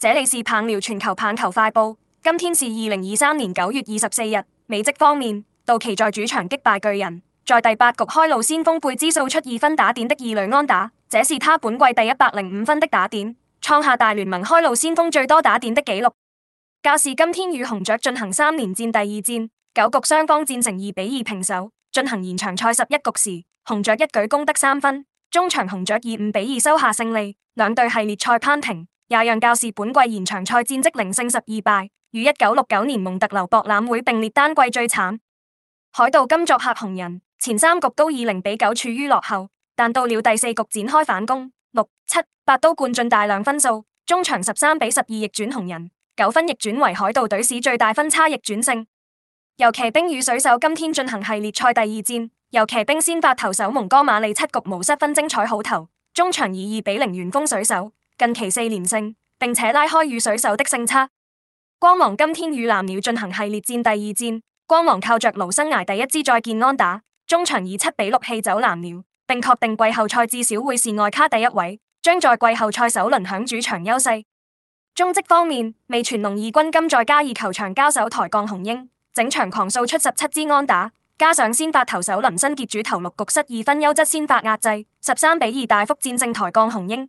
這裡是棒聊全球棒球快報，今天是二零二三年九月二十四日。美職方面，道奇在主場擊敗巨人，在第八局開路先鋒貝茲掃出二分打點的二壘安打，這是他本季第一百零五分的打點，創下大聯盟開路先鋒最多打點的紀錄。教士今天與紅雀進行三連戰第二戰，九局雙方戰成二比二平手，進行延長賽十一局時，紅雀一舉攻得三分，終場紅雀以五比二收下勝利，兩隊系列賽攀平。也讓教士本季延長賽戰績零勝十二敗，與一九六九年蒙特婁博覽會並列單季最慘。海盜今作客紅人，前三局都以零比九處於落後，但到了第四局展開反攻，六、七、八都灌進大量分數，中場十三比十二逆轉紅人，九分逆轉為海盜隊史最大分差逆轉勝。由騎兵與水手今天進行系列賽第二戰，由騎兵先發投手蒙哥馬利七局無失分精彩好投，中場以二比零完封水手。近期四連勝，並且拉開與水手的勝差。光芒今天與藍鳥進行系列戰第二戰，光芒靠着盧生涯第一支再見安打，終場以七比六氣走藍鳥，並確定季後賽至少會是外卡第一位，將在季後賽首輪享主場優勢。中職方面，味全龍二軍今在嘉義球場交手台鋼雄鷹，整場狂掃出十七支安打，加上先發投手林新杰主投六局失二分，優質先發壓制十三比二大幅戰勝台鋼雄鷹。